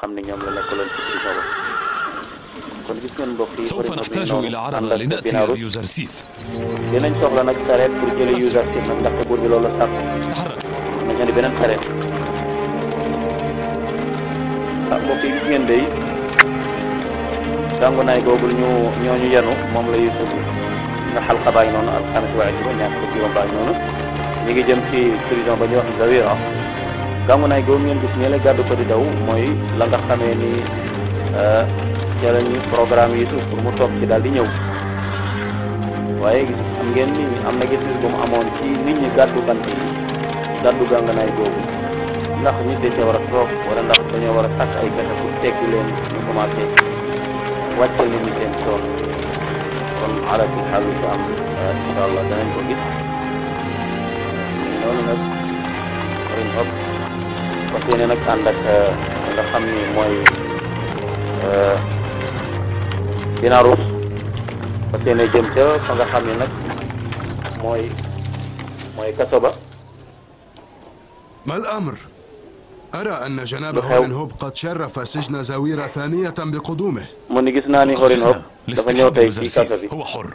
xam ne ñoom la nekkaloon ci prison ba kon gis ngeen mbokk yi سوف نحتاج إلى عربة لنأتي بيوزرسيف dinañ soxla nag sareet pour jële Youssouf nag ndaxte buur bi loolu sax nañu ne beneen sareet ah mbokk yi gis ngeen day dangu naay googu ñu ñooñu yenu moom la Youssouf nga xalqa baa ngi noonu alxames waa ji ba ñaar fukki juróom baa ngi noonu ñu ngi jëm ci prison ba ñuy wax Zawira gàngu naay googu ngeen gis ñeele gàddu ko di daw mooy la nga xamee ni euh, ca lañu programme Yuusuf pour mu toog ci daal di ñëw waaye gis am ngeen ni am na gis-gis bu mu amoon ci nit ñi gàddu bant yi gàddu gàngu naay googu ndax nit da cee war a toog wala ndax dañoo war a takk ay gata pour tekki leen ñu commencé wàccal nit ñi seen tool kon ala kulli xaal lu am incha allah danañ ko gis. yéene nag ànd ak nga xam ni mooy Belarus euh, fas yéene jëm ca fa nga xam ni nag mooy mooy kaso ba ما الأمر؟ أرى أن جناب هورنهوب قد شرف سجن زويرة ثانية بقدومه mu ni gis naa ni Horenhog dafa ñëw tey ci kaso bi هو حر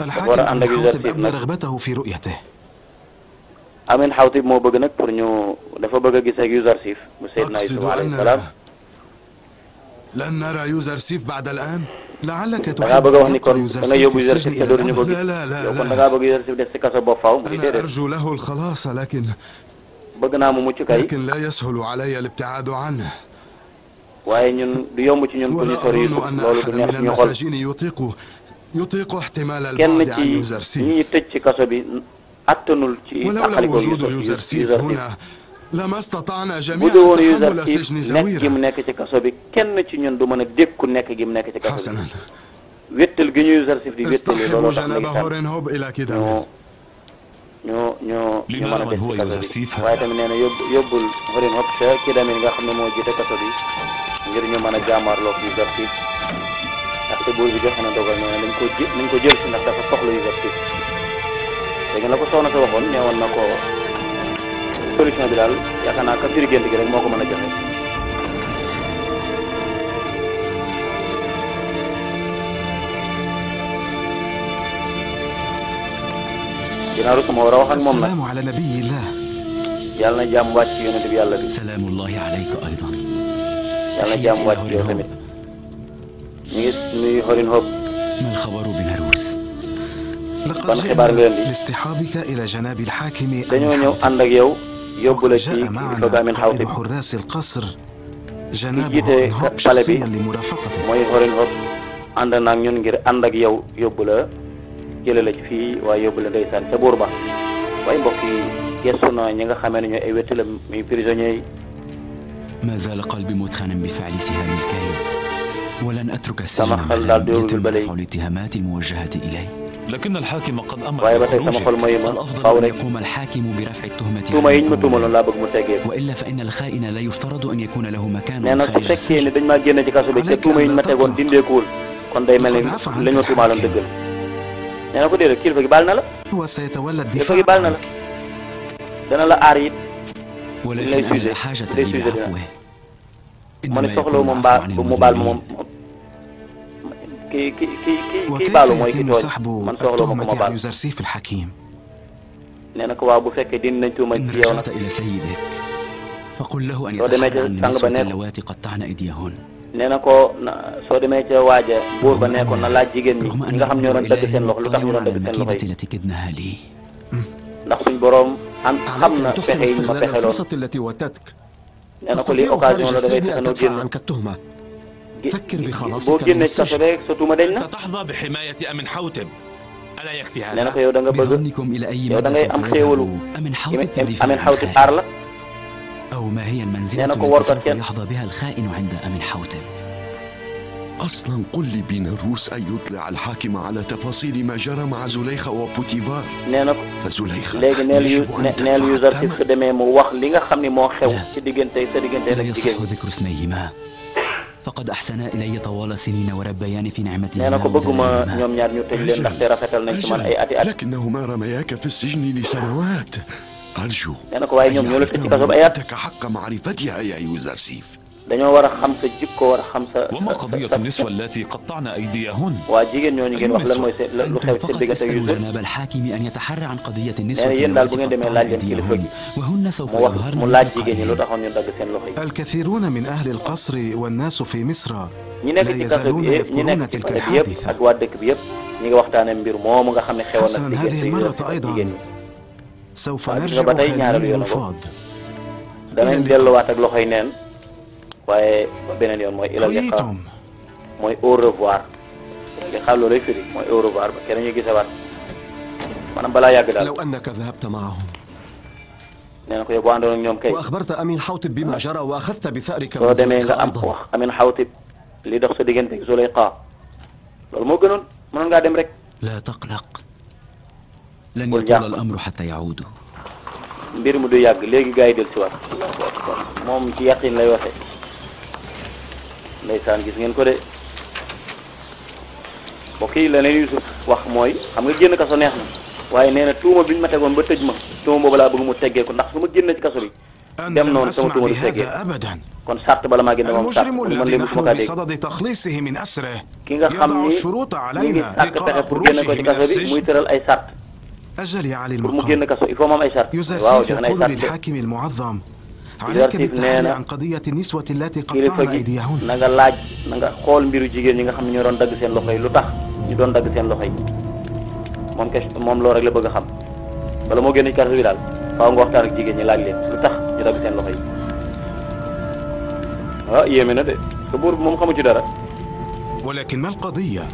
الحاكم أن الحاطب أبدى رغبته في رؤيته amin xawtib moo bëgg nag pour ñu dafa bëgg a gis ak Yuusuf bu Seydina Yuusuf alayhi salaam lan nara Yuusuf ba'da al-aan la'allaka da ngaa bëgg a wax ni kon da nga yóbbu Yuusuf te dootuñu ko gis yow kon da ngaa bëgg Yuusuf des si kaso boobu faaw mu di déedéet arju lahu al-xalaas lakin bëgg naa mu mucc kay lakin laa yas'alu alayya al-ibti'aadu anhu waaye ñun du yomb ci ñun pour ñu sori Yuusuf loolu du neex ñu xol kenn ci ñi tëj ci kaso bi attanul ci taxaliko Youssouf Youssouf lama stataana jamii'an tahammula sijni zawiran nekk gi mu nekk ci kaso bi kenn ci ñun du mën a dékku nekk gi mu nekk ci kaso bi wéttal gi ñu Youssouf di wéttali looloo tax ñu ñoo ñoo ñu mën a des ci kaso bi waaye tamit nee na yóbbu yóbbul Horin Hop ca Kidami nga xam ne moo jiite kaso bi ngir ñu mën a jaamaarloo ak Youssouf ndaxte buur bi joxe na dogal nee na nañ ko jël nañ ko jël si ndax dafa soxla Youssouf léegi la ko soxna si waxoon ne woon na ko solution bi daal yaakaar naa ka firi gént gi rek moo ko mën a joxe dinaa rus ma war a wax ak moom nag yàlla na jàmm wàcc yonent bi yàlla bi yàlla na jàmm wàcc yow tamit ngi nuyu xorin ban xibaar nga indi dañoo ñëw ànd ak yow yóbbu la ci kilifa ga amin xawtib ki jiite pale bi mooy xorin xob ànd naag ñun ngir ànd ak yow yóbbu la jële la ci fii waaye yóbbu la ndeysaan ca buur ba waaye mbokk yi gestu na ñi nga xamee ne ñoo ay wéttu la muy prisonniers yi ما زال قلبي متخنا بفعل سهام الكيد ولن أترك السجن معلم يتم تمام الاتهامات الموجهة إلي لكن الحاكم قد أمر waaye ba tey sama xol mayu ma xaw rek tuuma yi ñu ma tuumaloon laa bëgg mu tegee nee na su fekkee ne dañ maa génn ci kaso bi te tuuma yi ñu ma tegoon dindeekuwul kon day mel ni lañ ma tuumaaloon dëggal nee na ko déedéet kilifa gi baal na la kilifa gi baal na la dana la aar it lay sujet day sujet dina ma ne soxla moom baal mu baal moom كي كي كي كي baalu mooy ki tooñ man soxla ma ko ma baal nee na ko waaw bu fekkee din nañ tuuma ci yow nag soo demee ca sang ba nekk nee na ko soo demee ca waaja buur ba nekkoon na laaj jigéen ñi ñi nga xam ñoo doon dagg seen loxo lu tax ñu doon dagg seen loxo yi ndax suñ boroom am xam na pexe yi ma pexe loolu nee na ko lii occasion la dafay fexe noo génn فكر بخلاصك من السجن تتحظى بحماية أمن حوتب ألا يكفي هذا؟ nee na ko yow da nga bëgg yow da ngay am xéewalu Amin Xawtib aar la. nee na ko warkat kenn. أصلا قل لي بيلاروس أن يطلع الحاكم على تفاصيل ما جرى مع زليخة وبوتيفار nee na ko فزليخة léegi neel yu neel yu Xarkis demee mu wax li nga xam ne moo xew ci diggante sa diggante nag jigéen faqad ahsana ilayya tawala sinina wa rabbayani fi ni'matihi nee na ko bëgguma ñoom ñaar ñu tëj leen ndaxte rafetal nañ ci man ay ati at lakinnahuma ramayaka fi sijni li sanawat arju nee na ko waaye ñoom ñoo la tëj ci kaso ay at haqqo ma'rifatiha ya Yuzarsif dañoo war a xam sa jikko war a xam sa. waa jigéen ñooñu ngeen wax lan mooy seen lu xew seen diggante ak Yuusuf. nee na yéen daal bu ngeen demee laaj leen kilifa gi mu wax mu laaj jigéen ñi lu taxoon ñu dagg seen loxo yi. الكثيرون من أهل القصر والناس في مصر لا يزالون يذكرون تلك الحادثة. ñi ngi waxtaanee mbir moomu nga xam ne xewoon na si gerte yi jigéen ñi. سوف نرجع خليل الفاض. danañ delluwaat ak loxoy neen. waaye beneen yoon mooy ilal liqa mooy au revoir liqa loolu lay firi mooy au revoir ba keneen ñu gisawaat maanaam balaa yàgg daal nee na ko yow boo àndoon ak ñoom kay soo demee nga am wax Amin Xawtib li dox sa diggante ak Zulayqa loolu moo gënoon mënoon ngaa dem rek. laa taqlaq lan yatula al-amru xatta yaudu mbir mu du yàgg léegi gars yi dellusiwaat moom ci yaqin lay waxee. ndeysaan gis ngeen ko de mbokk yi leneen Yusuf wax mooy xam nga génn kaso neex na waaye nee na tuuma bi ñu ma tegoon ba tëj ma tuuma boobu laa bëgg mu teggee ndax su ma génn ci kaso bi dem noonu sama tuuma du teggee kon sart bala maa génn moom sart man léegi su ma kaa dégg ki nga xam ni ñu ngi sàkk pexe pour génn ko ci kaso bi muy tëral ay sart pour mu génn kaso il faut mu am ay sart waaw joxe na exercice nee na kilifa gi na nga laaj na nga xool mbiru jigéen ñi nga xam ne ñoo doon dagg seen loxo lu tax ñu doon dagg seen loxo yi moom question moom loo rek la bëgg xam bala moo génn ci carte bi daal faaw nga waxtaan jigéen ñi laaj leen lu tax ñu dagg seen loxo yi ah, na de te buur bi moom xamu ci dara. walakin ma alqadiya.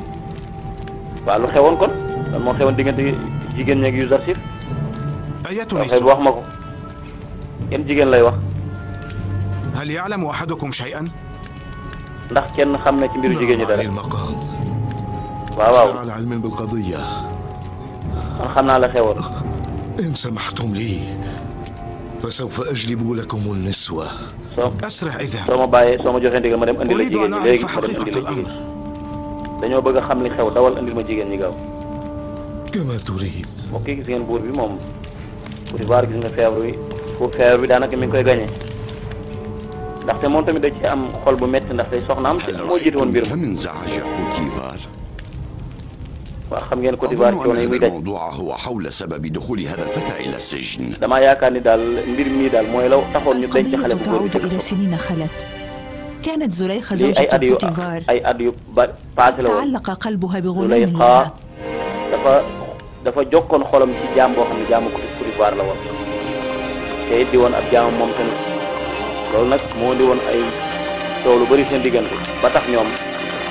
waaw lu xewoon kon lan moo xewoon diggante jigéen ñi ak Youssouf. ayatu wax ma ko yan jigéen lay wax. هل يعلم أحدكم شيئا؟ ndax kenn xam na ci mbiru jigéen ñi dara waaw waaw على علم بالقضية man xam naa la xewoon إن سمحتم لي فسوف أجلب لكم النسوة أسرع إذا soo ma bàyyee soo ma joxee ndigal ma dem andi la jigéen ñi léegi ma dem andi la jigéen dañoo bëgg a xam li xew dawal andil ma jigéen ñi gaaw كما تريد moo kii gis ngeen buur bi moom Potifar gis nga feebar bi foofu feebar bi daanaka mi ngi koy gañe ndaxte moom tamit da ci am xol bu métti ndax day soxnaam te moo jiite woon mbir mi waaw xam ngeen Côte d'Ivoire coono yi muy daj damaa yaakaar ni daal mbir mii daal mooy la taxoon ñu denc xale bu góor bi lii ay at yu ay at yu ba paase la woon Zulayxa dafa dafa jokkoon xolam ci jaam boo xam ne jaamu Côte d'Ivoire la woon te it di woon ab jaam moom tamit. loolu nag moo di woon ay coow lu bari seen diggante ba tax ñoom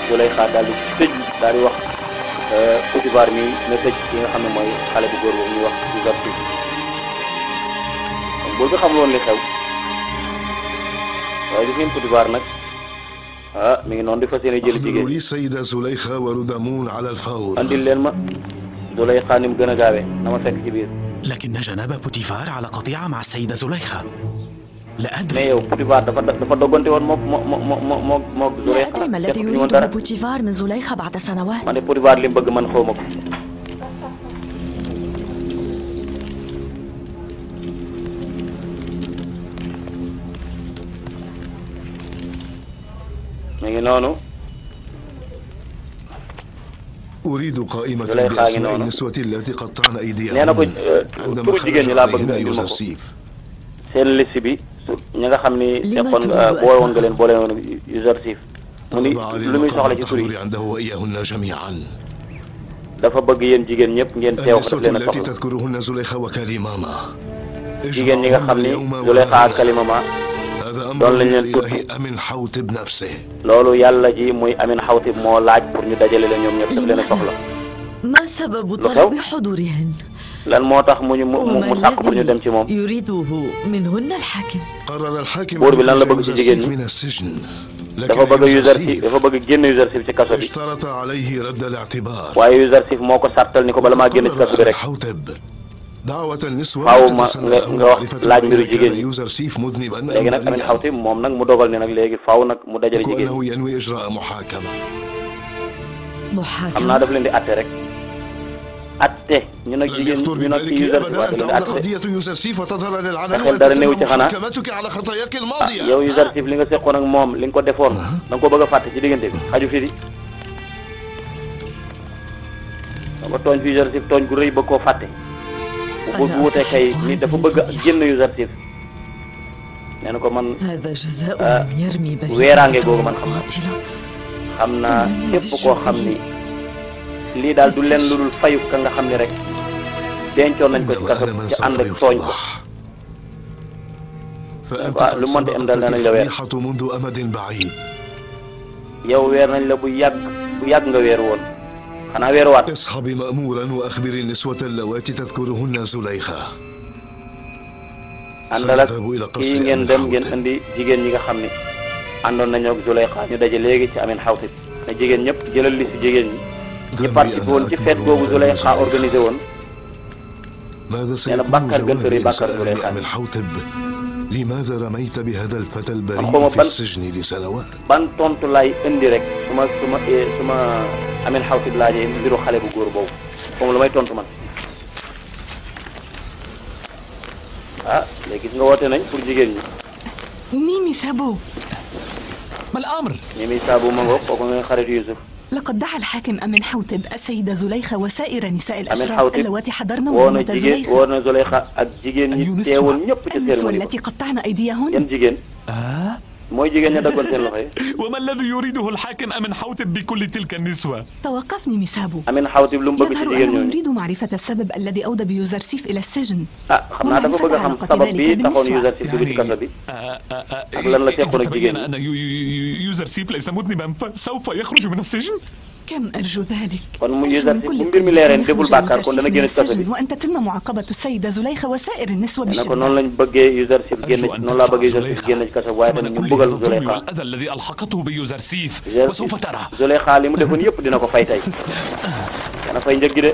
su lay xaar daal di tëj daal di wax Potifar euh, mi na tëj ki nga xam ne mooy xale bu góor boobu ñuy wax Zartu kon boo ko xamul woon li xew waaye gis ngeen Potifar nag ah mi ngi noonu di fas yéene jëli jigéen andil leen ma Zulayxa ni mu gën a gaawee na ma fekk ci biir. لكن جناب بوتيفار على قطيعة مع السيدة زليخة la adri mais yow Poutivar dafa dafa doggante woon moom moo moo moo moo moo Zuleyxa. la adri ma alladi yuridu Poutivar min Zuleyxa ba'da sanawat. ma ne Poutivar li mu bëgg man xaw ma ko. mi ngi noonu. uridu qaa'imatan bi asmaa'i niswati allati qatta'na aydiyakum. nee na ko euh, turu jigéen ñi laa bëgg nga indi ma ko seen liste bi. ñi nga xam ni nekkoon euh, boole woon nga leen boole woon usersif mu ni lu muy soxla ci tur yi dafa bëgg yéen jigéen ñëpp ngeen teew ko daf leen a soxla jigéen ñi nga xam ni Zuleyxa ak Kalimama doon lañ leen tudd loolu yàlla ji muy Amin Xawtib moo laaj pour ñu dajale leen ñoom ñëpp daf leen a soxla lu xew lan moo tax mu ñu mu mu sàq pour ñu dem ci moom buur bi lan la bëgg ci jigéen ñi dafa bëgg Yuzarsif dafa bëgg génn Yuzarsif ci kaso bi waaye Yuzarsif moo ko sartal ni ko bala maa génn ci kaso bi rek faaw ma nga nga wax laaj mbiru jigéen ñi léegi nag Amin Xawtib moom nag mu dogal ne nag léegi faaw nag mu dajale jigéen ñi xam naa daf leen di atte rek. atte ñun ak jigéen ñun ak kii Youssouf waaw dinañ atte te xel dara néew ci xanaa ah yow Youssouf li nga seqoon ak moom li nga ko defoon ah. da nga ko bëgg a fàtte ci diggante bi xaju fi di. dama tooñ fi Youssouf tooñ gu rëy bëgg koo fàtte bu ah, bu wutee kay nit dafa bëgg a génn Youssouf nee na ko man ah, weeraange googu man xam naa xam naa képp koo xam ni. lii daal du leen lu dul fayu ka nga xam ne rek dencoon nañ ko ci kaso ci ànd ak tooñ ko waaw lu mën di am daal nee nañ la weer yow weer nañ la bu yàgg bu yàgg nga weer woon xanaa weeruwaat. isxabi mamuran wa axbiri niswata allawaati tadkuruhunna Zulayxa àndal ak kii ngeen dem ngeen andi jigéen ñi nga xam ne àndoon nañoo ak Zulayxa ñu daje léegi ci amin xawtit na jigéen ñëpp jëlal li si jigéen ñi. ñi participé woon ci fête googu Zuleyxa organisé woon nee na bàkkaar gën a rëy bàkkaar Zuleyxa لماذا رميت بهذا الفتى البريء في السجن لسنوات ban tontu laay indi rek su ma su ma eh, su ma ameen xawtib laajee mbiru xale bu góor boobu moom la may tontu man ah léegi gis nga woote nañ pour jigéen ñi Mimi Sabo mal amr Mimi Sabo ma ngoog kooku nga xarit Yusuf لقد دعا الحاكم أمين حوتب السيدة زليخة وسائر نساء الأشراف اللواتي حضرن وليمة زليخة النسوة التي قطعن أيديهن آه mooy jigéen ña daggoon seen loxo yi. wa ma alladi yuriduhu alxaakim amin xawtib bi kulli tilka niswa. tawaqafni misaabu. amin xawtib lu mu bëgg ci jigéen ñooñu. uridu maarifata sabab alladi awda bi Yuzarsif ila sijn. ah xam naa dafa bëgg a xam sabab bi taxoon Yuzarsif dugg ci kaso bi. Ah, ah, ah, ak lan la seqoon eh, ak eh, jigéen ñi. Yuzarsif eh, laysa mudniban fa sawfa yaxruju min assijn. كم أرجو ذلك kon mu ngi def bu mbir mi leereen deful bàkkaar kon dana génn ci kaso bi وأن تتم معاقبة السيدة زليخة وسائر النسوة بالشرب ko noonu lañ bëggee Yuzarsif génn noonu laa bëggee Yuzarsif génn ci kaso bi waaye tamit ñu bëggal Zuleyxa الذي ألحقته بيوزرسيف وسوف ترى Zuleyxa li mu defoon yëpp dina ko fay tey dana fay njëg gi de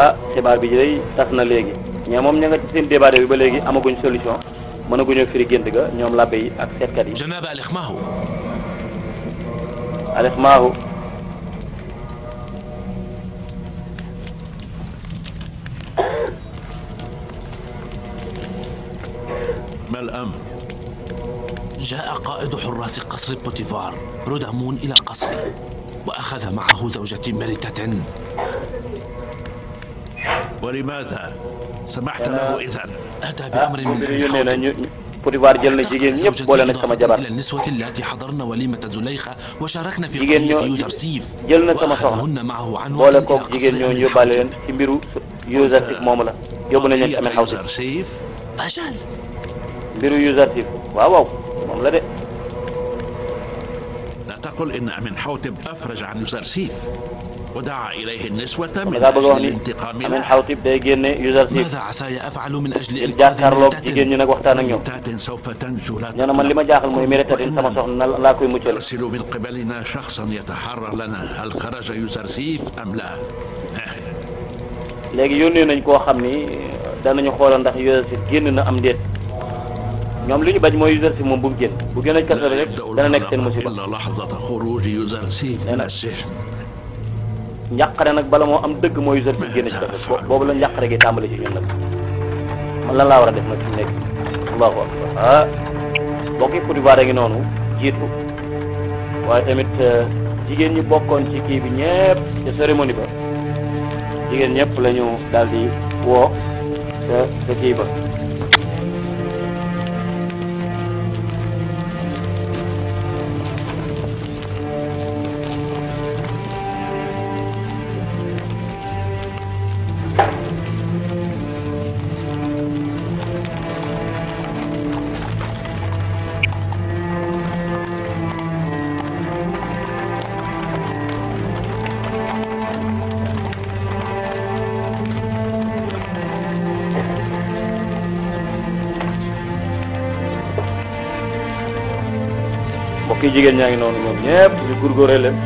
ah xibaar bi day tas na léegi ñee moom ña nga ci seen débat bi ba léegi amaguñ solution mënaguñoo firi gént ga ñoom làbbe yi ak seetkat yi alixmaahu ما الأمر؟ جاء قائد حراس قصر بوتيفار رودامون إلى قصري وأخذ معه زوجتي مرتة ولماذا سمحت له إذا أتى بأمر من الخواتم Potifar jël na jigéen ñëpp boole nag sama jabar jigéen ñoo jël na sama soxna boole koog jigéen ñoo yóbbaale leen ci mbiru Yuzarsif moomu la yóbbu nañ leen ci Amin Xawsi mbiru Yuzarsif waaw waaw moom la de. لا تقل إن أمين حوتب أفرج عن يوزرسيف dangaa bëgg a wax ni Amin Xawtib day génne Yuzarsif ngir jàkkaarloog jigéen ñi nag waxtaan ak ñoom nee na man li ma jaaxal mooy Miretatin sama soxna laa koy muccal léegi yónnee nañ koo xam ni danañu xoolal ndax Yuzarsif génn na am déet ñoom li ñu bañ mooy Yuzarsif moom bu mu génn bu génn kaso rek dana nekk seen musiba. njàqare nag bala moo am dëgg mooy user bi génn ci boobu la njàqare gi tàmbali ci ñun nag man lan laa war a def nag ci mu nekk allahu akbar ah bokki Côte d'Ivoire ngi noonu jiitu waaye tamit euh, jigéen ñi bokkoon ci kii bi ñëpp ca cérémonie ba jigéen ñëpp lañu ñu daal di woo ca ca kii ba jigéen ñaa ngi noonu moom ñëpp ñu gurguree leen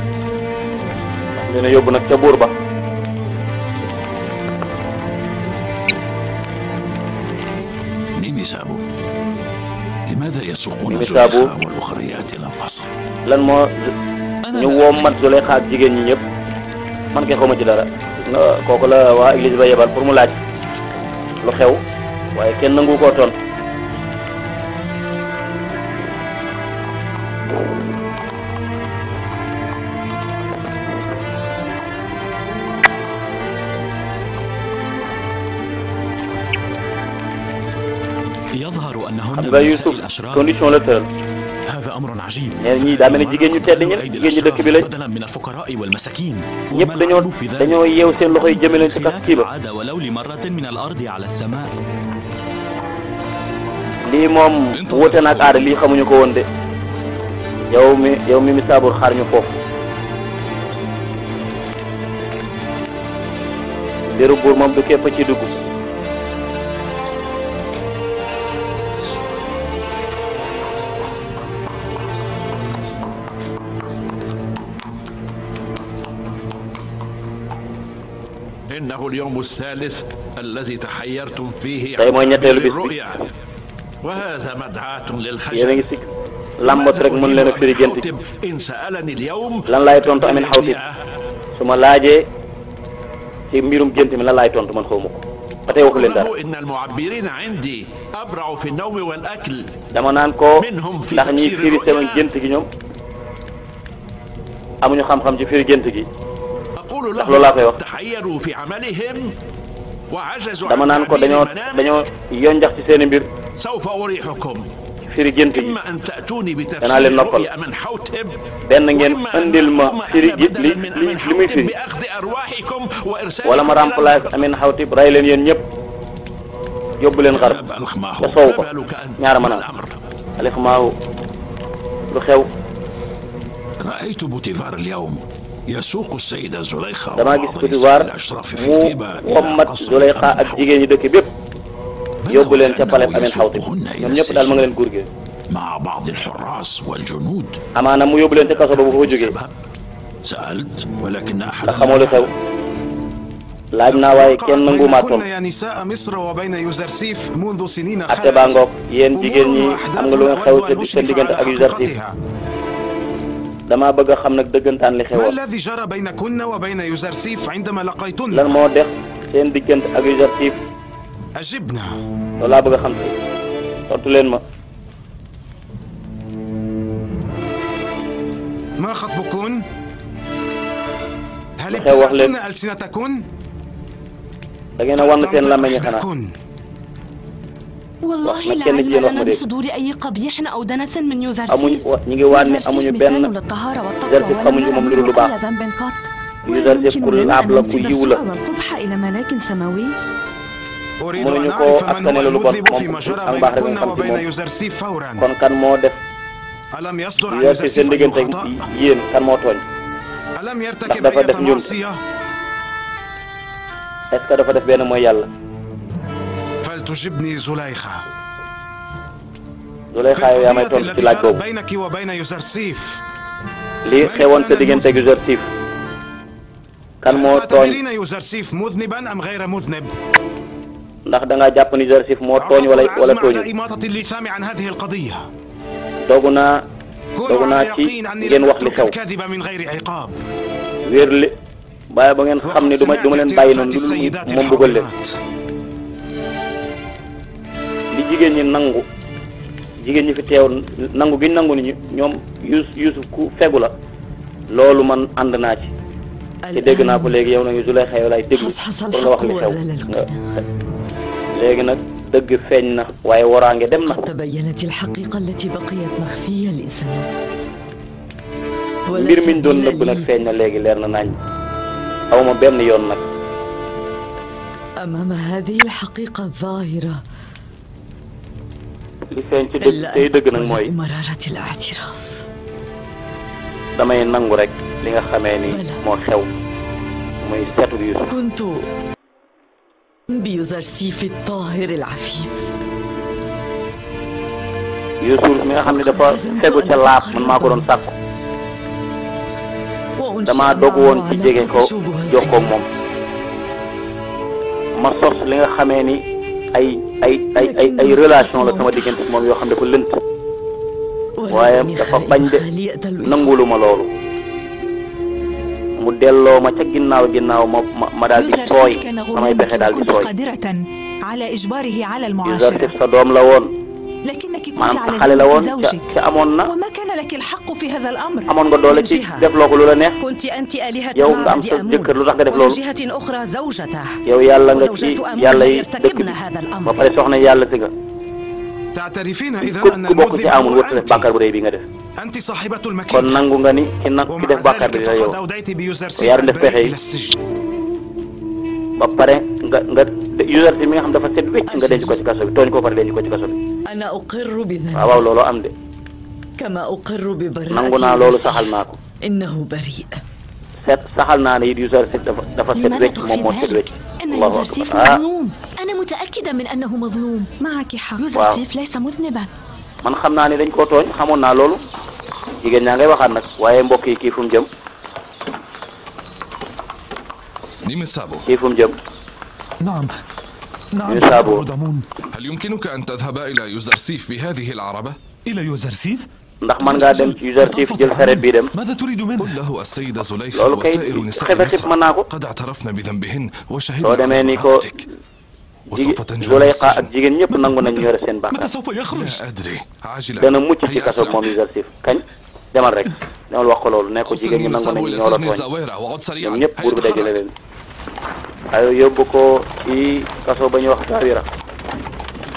ñu yóbbu nag ca buur ba nimisaabu lan moo ñu woom mat Zuleyxa ak jigéen ñi ñëpp man kay xawma ci dara kooku la waa église ba yebal pour mu laaj lu xew waaye kenn nangu koo xam nga Youssouf condition la tëral. nee ñii daa mel ni jigéen ñu tedd ñi jigéen ñu dëkk bi lañ ñëpp dañoo dañoo yeew seen loxo yi jëme leen ci kas kii ba. lii moom wute na ak aada lii xamuñu ko woon de yow mi yow mi mi saabur xaar ñu foofu. mbiru buur moom du képp ci dugg. tey mooy ñetteelu bis bi yéen a ngi si làmbat rek mën leen a firi gént lan laay tontu amin xawtib su ma laajee ci mbirum gént mi lan laay tontu man xaw ma ko ba tey waxu leen dara dama naan ko ndax ñiy firi sama gént gi ñoom amuñu xam-xam ci firi gént gi. loolu laa koy wax dama naan ko dañoo dañoo yonjax ci seen i mbir firi gént yi danaa leen noppal benn ngeen andil ma firi ji li li li muy firi wala ma remplace amin xawtib ray leen yéen ñëpp yóbbu leen xar te sow ko ñaar mën a alixmaahu lu xew. damaa gis ku ci waar mu xommat Zuleyxa ak jigéen ñi dëkk bépp yóbbu leen ca palais Amin Xawtib ñoom ñëpp daal ma nga leen gurgé amaana mu yóbbu leen ca kaso ba bu fa jógee ndax xamoo lu xew laaj naa waaye kenn nangu maa toll atte baa ngoog yéen jigéen ñi am nga lu nga xew ca seen diggante ak Yuzarsif damaa bëgg a xam nag dëggantaan li xewoon. lan moo dex seen diggante ak Yuzarsif. loolu laa bëgg a xam tey tontu leen ma. ما خطبكن؟ هل ابتلعتن ألسنتكن؟ da ngeen a wan seen làmmiñ xanaa. والله لا علم لنا بصدور أي قبيح أو دنس من يوزر سيف يوزر سيف مثال للطهارة والتقوى ولم يعمل كل ذنب قط ولا يمكن لنا أن ننسب السوء والقبح إلى ملاك سماوي mënuñu koo askanale lu bon moom am baax rek nga xam ci moom kon kan moo def yor si seen diggante yéen kan moo tooñ ndax dafa def njuumte est-ce que dafa def benn mooy yàlla. تجبني زليخة Zuleyxa yow yaa may tontu ci laaj boobu li xewoon sa diggante ak Yuzarsif kan moo tooñ ndax da ngaa jàpp ni Yuzarsif moo tooñ wala wala tooñu dogu naa dogu naa ci ngeen wax li xew wér li bàyyi ba ngeen xam ne du ma du ma leen bàyyi noonu lu dul moom bëggal leen. jigéen ñi nangu jigéen ñi fi teew nangu gi nangu ni ñoom Yuusuf ku fegu la loolu man ànd naa ci te dégg naa ko léegi yow nag su lay xew lay déglu pour nga wax li xew nga léegi nag dëgg feeñ na waaye waraange dem na mbir min doon nëbb nag feeñ na léegi leer na nañ aw ma benn yoon nag li feeñ ci dëgg tey dëgg nag mooy damay nangu rek li nga xamee ni moo xew muy seetu Yuusuf Yuusuf mi nga xam ne dafa tegu ca laab man maa ko doon sàkku damaa dogu woon ci jege ko jox ko moom ma sos li nga xamee ni ay ay ay ay ay relation la sama diggante moom yoo xam ne dafa lënt waaye dafa bañ de nangulu ma loolu mu delloo ma ca ginnaaw ginnaaw ma ma ma daal di tooy samay pexe daal di tooy Yuusuf sa doom la woon maanaam xale la woon ca ca amoon na amoon nga doole ci def loo ko lu la neex yow nga am sa jëkkër lu tax nga def loolu yow yàlla nga ci yàlla yi dëkk bi ba pare soxna yàlla si nga ku ku bokk ci amul wut def bàkkaar bu rëy bi nga def kon nangu nga ni ki nag ki def bàkkaar bi la yow yaa doon def pexe yi. ba pare nga nga user si mi nga xam dafa set wécc nga denc ko ci kaso tooñ ko pare denc ko ci kaso bi ana uqirru bi waaw waaw loolu am de kama uqirru bi bari nangu naa loolu saxal naa ko innahu bari set saxal naa ne it user si dafa dafa set wécc moom moo set wécc allahu akbar ah ana mutaakida min annahu mazlum maaki xaq user sif man xam naa ne dañ koo tooñ xamoon naa loolu jigéen ñaa ngay waxaat nag waaye mbokk yi kii fu jëm نيم السابو كيف جم؟ نعم نعم يسابو هل يمكنك أن تذهب إلى يوزرسيف بهذه العربة؟ إلى يوزرسيف؟ ndax man ngaa dem ci Youssouf jël sareet bii dem. loolu kay xefetif mën naa ko. soo demee ni ko jigéen Zulayxa ak jigéen ñëpp nangu nañ yore seen bàkkaar. dana mucc ci kaso moom Youssouf kañ demal rek demal wax ko loolu ne ko jigéen ñi nangu nañ ñoo la tooñ ñoom ñëpp buur bi dajale leen. waaye yóbbu ko ci kaso ba ñuy wax Zawira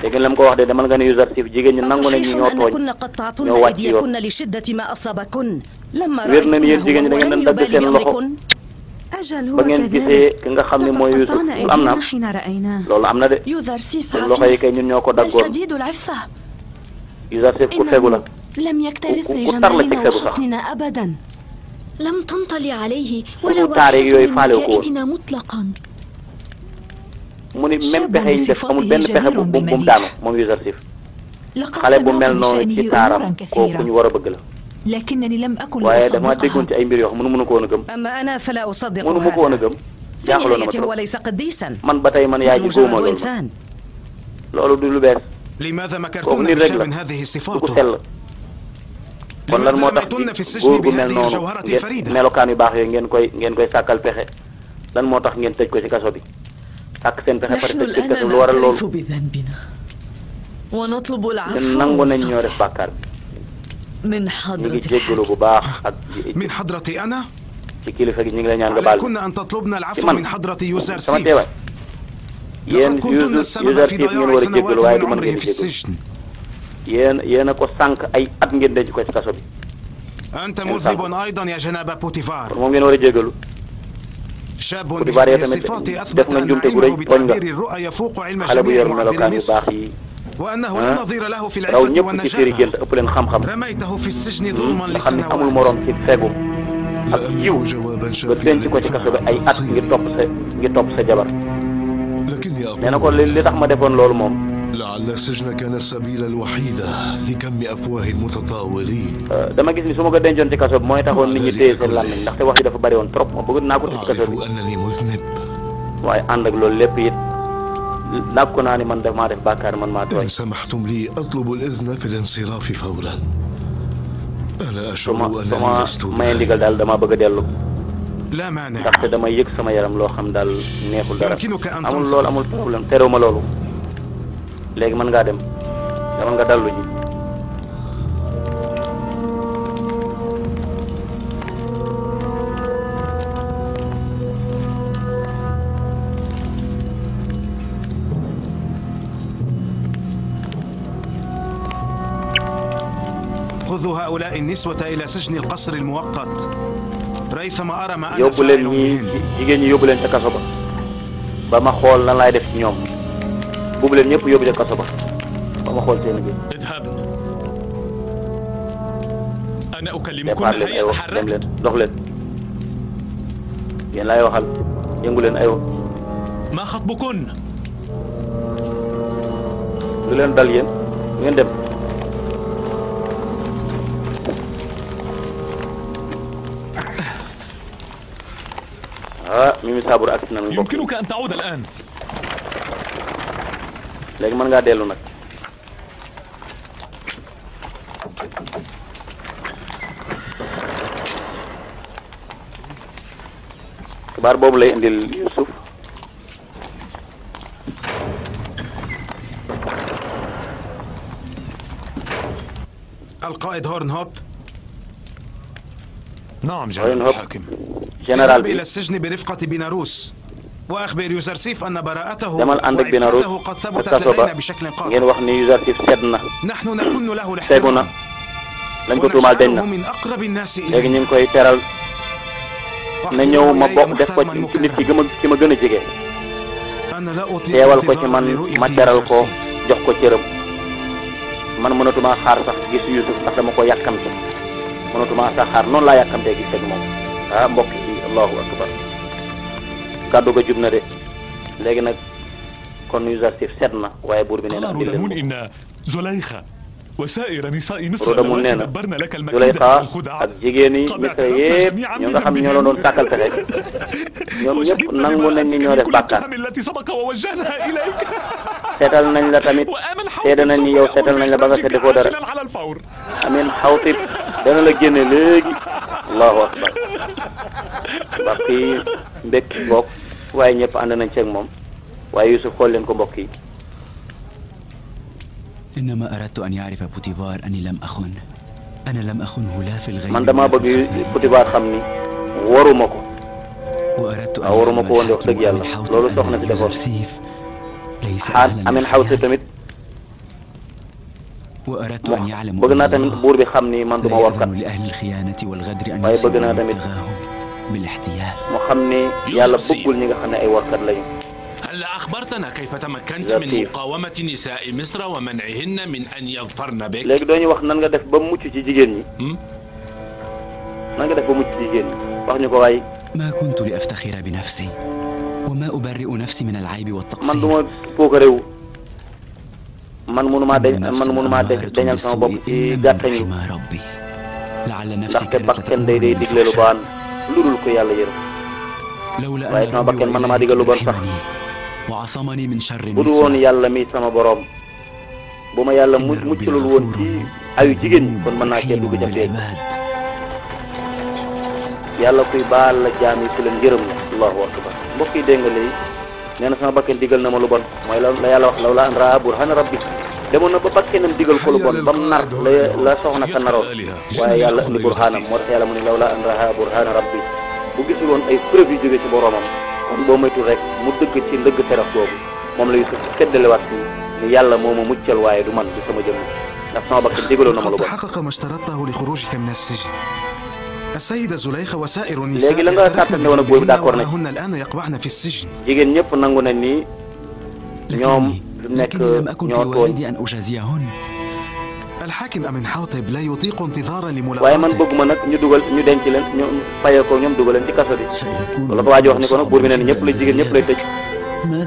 léegi lam ko wax de demal nga ne Youssouf jigéen ñi nangu nañ ñu ñoo tooñ ñoo wàcc yoon wér nañ yéen jigéen ñi da ngeen doon dagg seen loxo ba ngeen gisee nga xam ne mooy Youssouf loolu am na loolu am na de seen loxo yi kay ñun ñoo ko daggoon Youssouf ku fegu la ku ku tar la ci na sax. لم تنطلي عليه ولا واحدة من مكائدنا مطلقا mu ni même pexe yi ñu def benn pexe bu bu mu daanu moom Youssouf xale bu mel noonu war a bëgg la waaye dama déggoon ci ay mbir yoo xam mënu mënu ko woon a gëm mënu ma ko woon a gëm jaaxaloon na ma trop man ba tey man yaa ji góoma loolu du lu bees kooku nit rek la du ko sell. kon lan moo tax góor gu mel noonu ngeen melokaan yu baax yooyu ngeen koy ngeen koy sàkkal pexe lan moo tax ngeen tëj ko ci kaso bi ak seen pexe pare tëj ko ci kaso lu waral loolu te nangu nañ ñoo def bàkkaar bi ñu ngi jéggalu bu baax ak ci kilifa gi ñu ngi lay ñaan nga baal ci man sama teewaay yéen user user tiif ngeen war a jéggalu waaye du man ngeen jéggalu yéen yéen a ko sànq ay at ngeen denc ko ci kaso bi. anta mudhnibun aydan ya janaba Potifar. moom ngeen war a jégalu. Potifar yow tamit def nga njumte gu rëy tooñ nga xale bu yor melokaan yu baax yi. ah raw ñëpp ci séri gént ëpp leen xam-xam. Hmm? nga xam ne amul morom ci fegu ak jiw nga denc ko ci kaso bi ay at ngir topp sa jabar. nee na ko li tax ma defoon loolu moom. لعل السجن كان السبيل الوحيد لكم أفواه المتطاولين dama gis ni su ma ko dencoon ci kaso bi mooy taxoon nit ñi téye seen làmmiñ ndaxte wax yi dafa bari woon trop ma bëgg naa ko tëj ci kaso bi أنني مذنب waaye ànd ak loolu lépp it nàkku naa ni man def maa def bàkkaar man maa tooñ إن سمحتم لي أطلب الإذن في الانصراف فورا أنا أشعر أنني لست may ndigal daal damaa bëgg a dellu لا مانع ndaxte damay yëg sama yaram loo xam daal neexul dara amul loolu amul problème terewuma loolu léegi mën ngaa dem demal nga dallu ji خذوا هؤلاء النسوة إلى سجن القصر المؤقت ريثما أرى ما أنا يوبلن يجيني يوبلن تكاسبا بما خول لا لا يدف نيوم buubu leen ñëpp yóbbu leen kaso ba ba ma xool seen biir. départ leen aywa dem leen dox leen yéen laay waxal yëngu leen aywa. lu leen dal yéen ngeen dem. ah Mimi Saabur agsi nañu mbokk léegi mën ngaa dellu nag xibaar boobu lay indil Yusuf القائد هورنهوب نعم جنرال الحاكم général bi إلى السجن برفقة بيناروس وأخبر يوزرسيف أن براءته demal ànd ak Benaroud قد ثبتت لدينا بشكل قاطع ngeen wax ni Youssouf sedd na. نحن نكن له الاحترام tegu na lañ ko tuumaal dañ na من أقرب الناس إليه léegi ñu ngi koy teral na ñëw ma bokk def ko ci nit ki ki ma gën a jege. teewal ko ci man ma teral ko jox ko cëram man mënatuma xaar sax gis Youssouf dama ko yàkkamte mënatuma sax xaar noonu laa yàkkamtee gis ak moom ah mbokk yi akbar kàddu ga jub na de léegi nag kon Youssouf seet na waaye buur bi nee na ah, andil leen ko. وسائر نساء مصر اللواتي دبرن لك المكيد والخدعة قبل جميعا بذنبك كلكم التي سبق ووجهناها إليك seetal nañ la tamit seede nañ ni yow seetal nañ la ba nga seede koo dara amin xawtib dana la génne léegi allahu akbar mbokk yi mbékk mbokk waaye ñëpp ànd nañ ceeg moom waaye Yusuf xool leen ko mbokk yi innama aradtu an yaarifa Potifar ani lam axun ana lam axunhu la fi lxayb man damaa bëgg Potifar xam ni waruma ko waaw waruma ko woon di wax dëgg yàlla loolu soxna si defoon xaar amin xawsi tamit bëgg naa tamit buur bi xam ni man du ma warkat waaye bëgg naa tamit mu xam ne yàlla bëggul ñi nga xam ne ay warkat lañu. هلا أخبرتنا كيف تمكنت من مقاومة نساء مصر ومنعهن من أن يظفرن بك؟ léegi doo ñu wax nan nga def ba mucc ci jigéen ñi. Hmm? nan nga def ba mucc ci jigéen ñi wax ñu ko waay. ما كنت لأفتخر بنفسي وما أبرئ نفسي من العيب والتقصير. man du ma pookarewu man mënumaa de man mënumaa dañal sama bopp ci gàttañ yi ndaxte bakkan day day digle lu baax. lu dul ko yàlla yërëm waaye sama bakken mën na maa digal lu bon sax bu du woon yàlla mi sama boroom bu ma yàlla mu muccalul woon ci ayu jigéen ñi kon mën naa cee dugg ca feeg yàlla kuy baal la jaam yi ku leen yërëm la allahu akbar mbokk yi dégg nga léegi nee na sama bakken digal na ma lu bon mooy yàlla wax law an raa burhana rabbik demoon na ba bakkenam digal ko lu bon ba mu nar la la soxna sa naroon waaye yàlla indi burhaanam moo tax yàlla mu ne law laa an raha burhaana rabbi bu gisul woon ay preuve yu jóge ci boromam kon boo moytul rek mu dëgg ci ndëgg teraf moom la Yusuf seddalewaat si ni yàlla moo ma muccal waaye du man du sama jëmm ndax sama bakkan digaloon na ma lu bon léegi la nga sàttante woon ak boobu d'accord nañ jigéen ñëpp ni ñoom nekk ñoo tooñ. waaye man bëgguma nag ñu dugal ñu denc leen ñu fayee ko ñoom dugal leen ci kaso bi loolu ko waa ji wax ni ko nag buur bi nee na ñëpp lay jigéen ñëpp lay tëj nee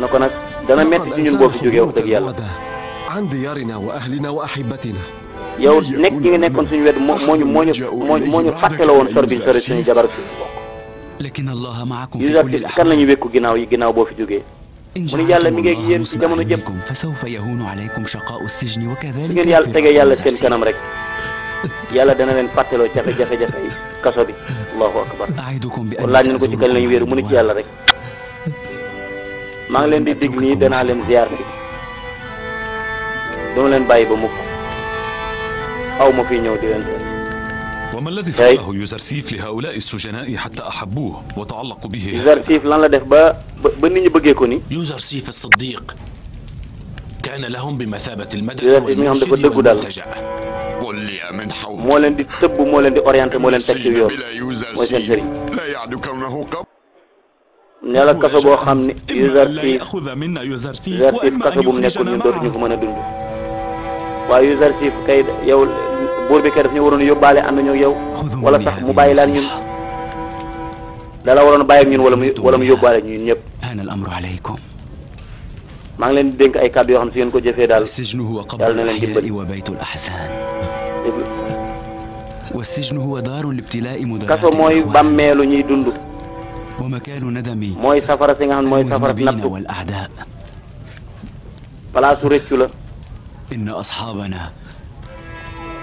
na ko nag dana métti ci ñun boo fi jógee wax dëgg yàlla yow nekk gi nga nekkoon suñu wet moo moo ñu moo ñu moo ñu fàtte la woon sor biñ sori suñu jabar si yu kan la ñu wékku ginnaaw yi ginnaaw boo fi jógee mu ne yàlla mi ngi ak yéen ci jamono jëpp su ngeen yàlla tege yàlla seen kanam rek yàlla dana leen fàttaloo jafe-jafe-jafe yi kaso bi allahu akbar kon laaj nañ ko ci kañ lañ wéeru mu ne ci yàlla rek maa ngi leen di dig nii danaa leen ziar bi dama leen bàyyi ba mukk aw ma fii ñëw di leen وما الذي فعله يوزرسيف لهؤلاء السجناء حتى أحبوه وتعلقوا به يوزرسيف lan la def ba ba nit ñi bëggee ko ni يوزرسيف الصديق كان لهم بمثابة المدد والمرشد والمرتجع moo leen di tëbb moo leen di orienté moo leen teg ci yoon mooy seen sëriñ ne la kaso boo xam ne Youssouf Youssouf kaso bu mu nekkul ñun dootuñu ko mën a dund waaye Youssouf kay yow buur bi kay daf ñu waroon yóbbaale ànd ñoo yow wala sax mu bàyyi laan ñun dala waroon bàyyi ñun wala mu wala mu yóbbaale ñun ñëpp maa ngi leen di dénk ay kàddu yoo xam ne su ngeen ko jëfee daal yàlla na leen dimbali kaso mooy bàmmeelu ñuy dund mooy safara si nga xam ne mooy safara nattu palaasu rëccu la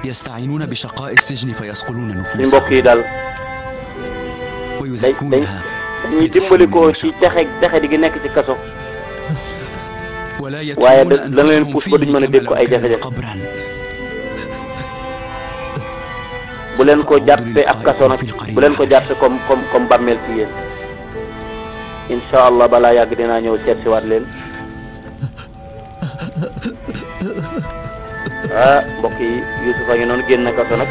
يستعينون بشقاء السجن فيصقلون نفوسهم ويزكونها dañuy dimbali ko ci texe texe di nekk ci kaso waaye da dana leen puus ba duñ mën a dégg ko ay jafe-jafe bu leen ko jàppee ab kaso nag bu leen ko jàppee comme comme comme bàmmeel ci yéen incha allah balaa yàgg dinaa ñëw seet si waat leen. ah mbokk yi Youssouf a ngi noonu génn kaso nag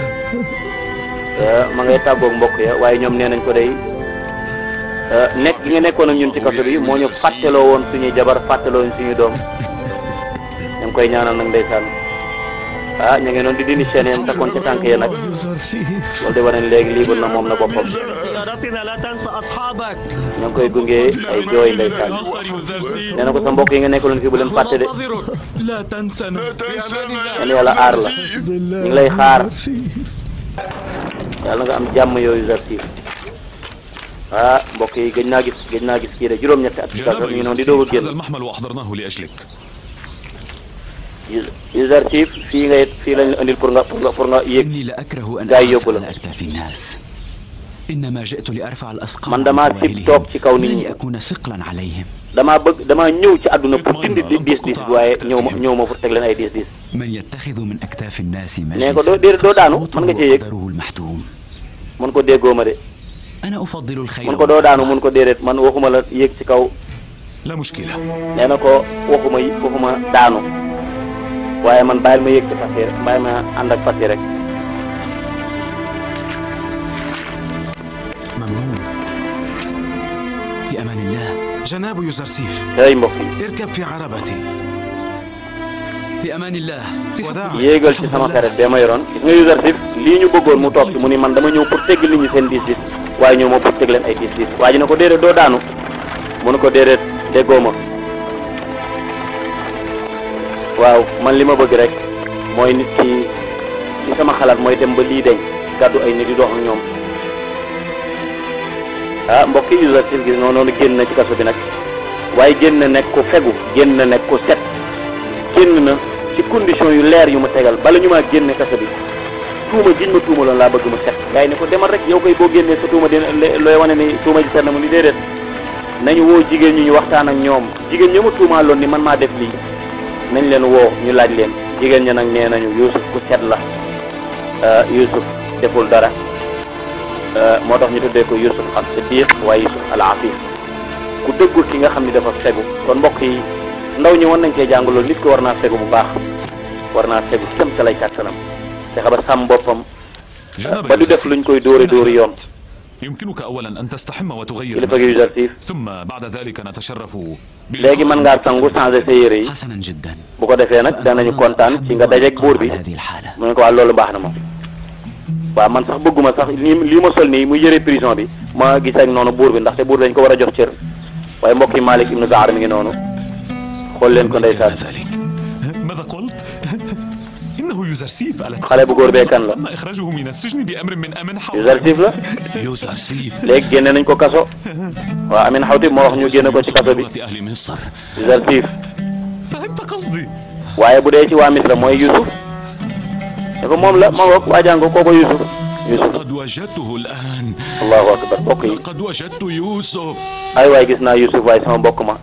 ma ngay tàggoog mbokk ya waaye ñoom nee nañ ko day nekk gi nga nekkoon ak ñun ci kaso bi moo ñu fàttaloo woon suñuy jabar fàttaloo woon suñu doom ñu koy ñaanal nag ndeysaan ah ña ngeen doon di dindi seen yéen takkoon ca tànk yéen ak loolu de wane léegi libre na moom na boppam ña ngi koy gunge ay jooy ndeysaan nee na ko sa mbokk yi nga nekkaloon fii bu leen fàtte de yéen yàlla aar la ñu ngi lay xaar yàlla nga am jàmm yooyu zarsi ah mbokk yi gëj naa gis gëj naa gis kii de juróom-ñetti at si kàddu gi ñu noonu di doog a génn. exercice fii ngay fii lañ la indil pour nga pour nga pour nga yéeg gars yi yóbbu la. man damaa sib toog ci kaw nit ñi damaa bëgg damaa ñëw ci àdduna pour dindi di diis diis bi waaye ñëw ma ñëw ma pour teg leen ay diis diis. nee ko doo déedéet doo daanu mën nga cee yëg mën ko déggoo ma de mën ko doo daanu mën ko déedéet man waxuma la yéeg ci kaw nee na ko waxuma waxuma daanu. waaye man bàyyil ma yëg ci fas yi rek bàyyil ma ànd ak fas yi rek mamnun fi amanillah janaabu yu sarsif tey mbokk yi irkab fi arabati fi amanillah yéegal ci sama saret bee ma yoroon lii ñu bëggoon mu toog ci mu ni man dama ñëw pour teggal nit ñi seen diis waaye ñëw moo pour teg leen ay diis diis waa ji na ko déedéet doo daanu mu ko déedéet déggoo ma waaw man li ma bëgg rek mooy nit ki ci sama xalaat mooy dem ba lii dañ gàddu ay nit di dox ak ñoom ah mbokk yi Youssouf gis noonu noonu génn na ci kaso bi nag waaye génn na nekk ko fegu génn na nekk ko set génn na ci condition yu leer yu ma tegal bala ñu maa génn kaso bi tuuma jiñ ma tuuma loon laa bëgg mu set gars yi ne ko demal rek yow koy boo génnee sa tuuma dina looy wane ni tuuma ji set na mu ni déedéet nañu woo jigéen ñu ñu waxtaan ak ñoom jigéen ñoo ma tuumaaloon ni man maa def lii nañ leen woo ñu laaj leen jigéen ñi nag nee nañu Yuusuf ku set la euh, Yuusuf deful dara euh, moo tax ñu tuddee ko Yuusuf ak Siddiq waaye Yuusuf al Afif ku dëggul ki nga xam ni dafa fegu kon mbokk yi ndaw ñi war nañ cee jàng loolu nit ko war naa fegu bu baax war naa fegu kem sa lay kàttanam te xaba sàmm boppam ba du def luñ koy dóore dóori yoon يمكنك اولا ان تستحم وتغير ثم بعد ذلك نتشرف léegi mën ngaa sangu changé sa yére yi bu ko defee nag danañu kontaan ci nga dajeeg buur bi mu ne ko waa loolu baax na moom waaw man sax bëgguma sax li lii ma sol nii muy yëre prison bi ma gis ak noonu buur bi ndaxte buur dañ ko war a jox cër waaye mbokk yi Malik ibnu Saar mi ngi noonu xool leen ko ndeysaan يوزرسيف xale bu góor bee kan la. Yuzarsif la. Yuzarsif. léegi génne nañ ko kaso. waaw Amin Xawti moo wax ñu génne ko ci kaso bi. Yuzarsif. waaye bu dee ci waa Misra mooy Yusuf. dafa moom la ma ngoog waajaan ko kooku Yusuf. Yusuf. allahu akbar mbokk yi. ay waay gis naa Yusuf waaye sama mbokk ma.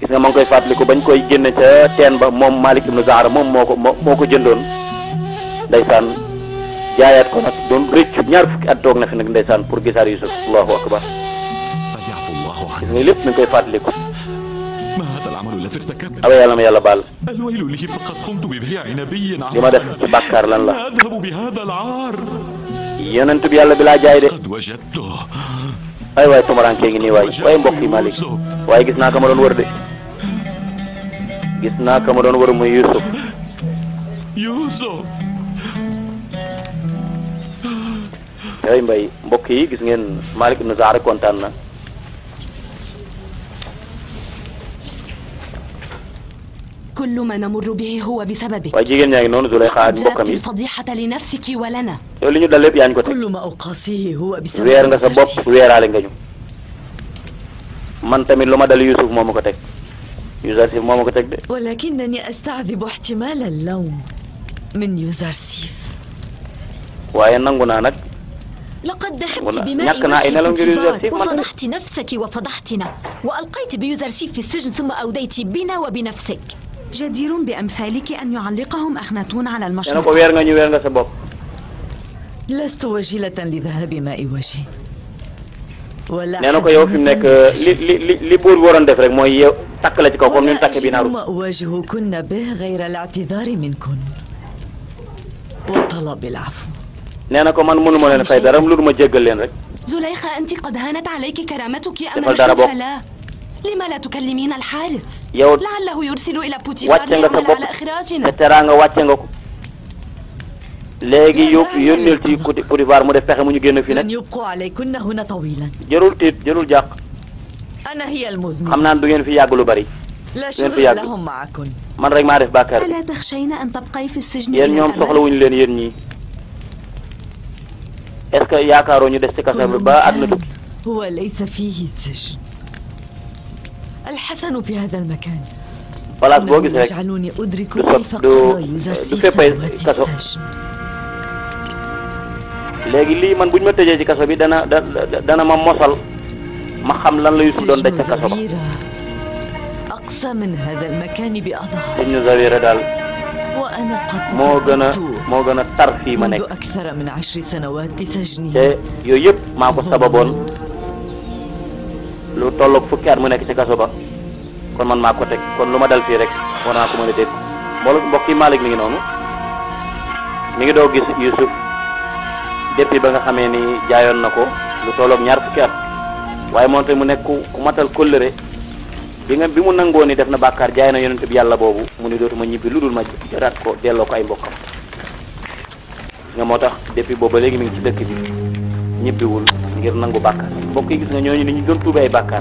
gis nga ma ngi koy fàttaliku bañ koy génne ca teen ba moom Malik ibnu Zahra moom moo ko moo ko jëndoon ndeysaan jaayaat ko nag doon rëccu ñaar fukki at toog na fi nag ndeysaan pour gisaar Yusuf allahu akbar gis nga lépp mi ngi koy fàttaliku awa yàlla ma yàlla baal li ma def ci bàkkaar lan la yonent bi yàlla bi laa jaay de ay waay tumuraanke ngi nii waay waaye mbokk yi Malick waaye gis naa ka ma doon wër de gis naa ka ma doon wër muy Youssouf Youssouf mbay mbokk yi gis ngeen Malick ibn kontaan na كل ما نمر به هو بسببك waaye jigéen ñaa ngi noonu Zuleyxa ak mbokkam yi الفضيحة لنفسك ولنا yow li ñu dal lépp yaa ñu ko teg كل ما أقاسيه هو بسبب weer nga sa bopp weeraale nga ñu man tamit lu ma dal Yuusuf moo ma ko teg Yuzarsif moo ma ko teg de ولكنني أستعذب احتمال اللوم من يوزارسيف waaye nangu naa nag لقد ذهبت بماء مشيك وفضحت نفسك وفضحتنا وألقيت بيوزرسيف في السجن ثم أوديت بنا وبنفسك جدير بأمثالك أن يعلقهم أخناتون على المشروع لست وجيلة لذهاب ماء وجهي wala nee na ko yow fi mu nekk li li li li buur waroon def rek mooy yow takk la ci kaw comme ni mu takk bi naaru. ma uwajihukunna bi ghayra al-i'tidari minkunn wa talab al-'afw. nee na ko man mënu ma leen fay dara lu ma jéggal leen rek. Zulaykha anti qad hanat alayki karamatuki. defal dara bokk لما لا تكلمين الحارس yow لعله يرسل إلى بوتيفار wàcc nga sa bopp على إخراجنا te teraanga wàcc nga ko léegi yób yónnil ci Potifar mu def pexe mu ñu génn fii nag يبقوا عليكن هنا طويلا jërul tiit jërul jàq أنا هي المذنبة xam naa du ngeen fi yàgg lu bari لا شغل لهم معكن man rek maa def bàkkaar ألا تخشين أن تبقي في السجن yéen ñoom soxlawuñu leen yéen ñii est-ce que yaakaaroo ñu des ci kaso bi ba àdduna tukki هو ليس فيه سجن الحسن بهذا المكان خلاص بوقف هيك يجعلني أدرك كيف قضى يوزرسيس سنوات السجن léegi lii man bu ñu ma tëjee ci kaso bi dana dana ma mosal ma xam lan la Yuusuf doon daj ca kaso ba أقسى من هذا المكان بأضعاف سجن زويرة daal وأنا قد moo gën a moo gën a tar fii ma nekk منذ أكثر من عشر سنوات لسجني te yooyu yëpp maa ko sababoon lu tolloog fukki at mu nekk ci kaso ba kon man maa ko teg kon lu ma dal fii rek war naa ko mën a dégg mboolu mbokk yi mi ngi noonu mu ngi doo gis Youssouf depuis ba nga xamee ni jaayoon na ko lu tolloog ñaar fukki at waaye moom te mu nekk ku matal kóllëre bi nga bi mu nangoon ni def na bàkkaar jaay na yonent bi yàlla boobu mu ni dootuma ñibbi lu dul ma jaraat ko delloo ko ay mbokkam nga moo tax depuis booba léegi mi ngi ci dëkk bi ñibbiwul ngir nangu bàkkaar mbokk yi gis nga ñooñu ni ñu doon tuube ay bàkkaar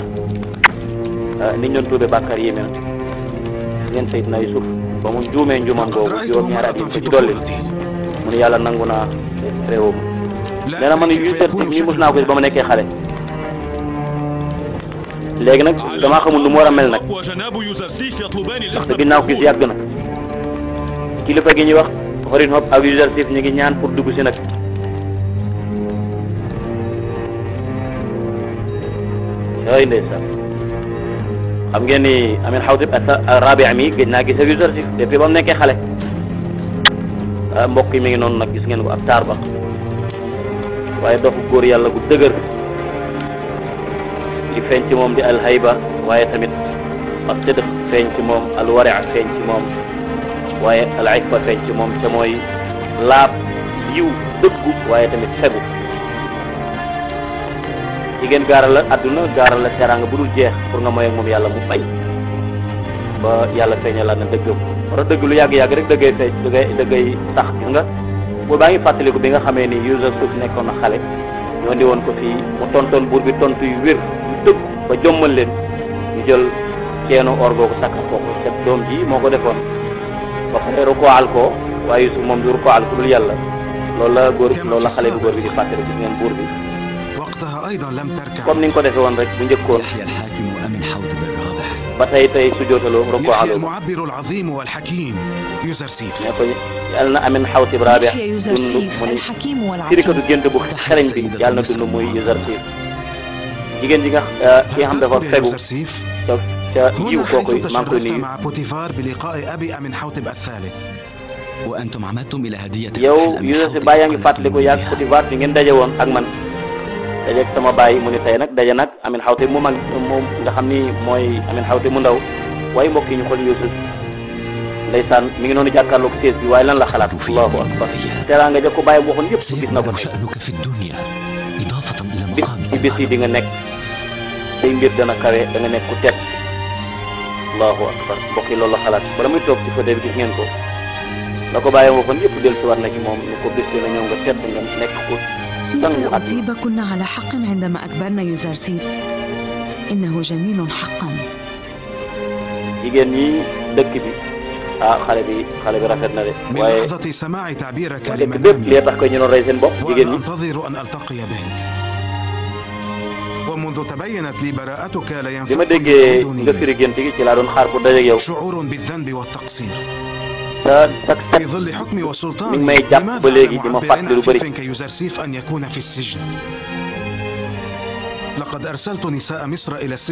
ah, ni ñu doon tuube bàkkaar yéeme na ngeen Seydina Yusuf ba mu juumee njuumam googu juróom-ñaari at yi ko ci dolli mu ne yàlla nangu naa réewam nee na man yu seet ñi mos ba ma nekkee xale léegi nag damaa xamul nu mu war a mel nag ndaxte ginnaaw gis yàgg na kilifa gi ñuy wax xorin xob ak Yuusuf ñu ngi ñaan pour dugg si nag ñooy ndeysaan xam ngeen ni Amin Xawtib euh, Rabia mi gëj naa gis ak user si depuis ba nekkee xale ah, mbokk yi mi ngi noonu nag gis ngeen ko ab taar ba waaye dofu góor yàlla gu dëgër ci feeñ ci moom di alhayba waaye tamit ak sidq feeñ ci moom alwaria feeñ ci moom al iffa feeñ ci moom te laab yiw dëggu waaye tamit fegu li jigéen gaaral la àdduna gaaral la teraanga bu du jeex pour nga mooy ak moom yàlla mu fay ba yàlla feeñalaat na dëggam war dëgg lu yàgg-yàgg rek dëggay feeñ dëggay dëggay tax gis nga boo baa ngi fàttaliku bi nga xamee ni Yuusuf nekkoon na xale ñoo di woon ko fii mu tontoon buur bi tontu yu wér yu dëgg ba jommal leen ñu jël ceenu or googu sakk kooku set doom ji moo ko defoon ba pare rukoal ko waaye Yuusuf moom du rukoal ku dul yàlla loolu la góor loolu la bu comme ni nga ko defee woon rek bu njëkkoon ba tey tey su jootaloo rokkoo aloo ne ko yal na amin xawtib raabi dund mu ne sirikatu gént bu xereñ bi yal na dund muy Yuzarsif jigéen ji nga euh, ki nga xam dafa fegu ca ca jiw kooku maa ngi koy nuyu. yow Yuzarsif baa yaa ngi fàttaliku yaa ngi Potifar bi ngeen daje woon ak man. dajeeg sama baay mu ni tey nag daje nag amin xawte mu mag moom nga xam ni mooy amin xawte mu ndaw waaye mbokk yi ñu xool Yuusuf ndeysaan mi ngi noonu jàkkaarloog sees bi waaye lan la xalaat allahu akbar teraa nga jëkk ko bàyyi waxoon yëpp gis na ko bis ci bis yi di nga nekk mbir dana kawe da nekk ku teg allahu akbar mbokk yi loolu la xalaat bala muy toog ci fëte bi gis ngeen ko la ko bàyyi waxoon yëpp dellusiwaat na ci moom ni ko bis dina ñëw nga tedd nga nekk ko طيبة كنا على حق عندما أكبرنا يوزارسيف إنه جميل حقا من لحظة سماع تعبيرك لمن وأنا أنتظر أن ألتقي بك ومنذ تبينت لي براءتك لا ينفعني شعور بالذنب والتقصير te tak teg mi ngi may jàpp ba léegi di ma fàttali lu bëri.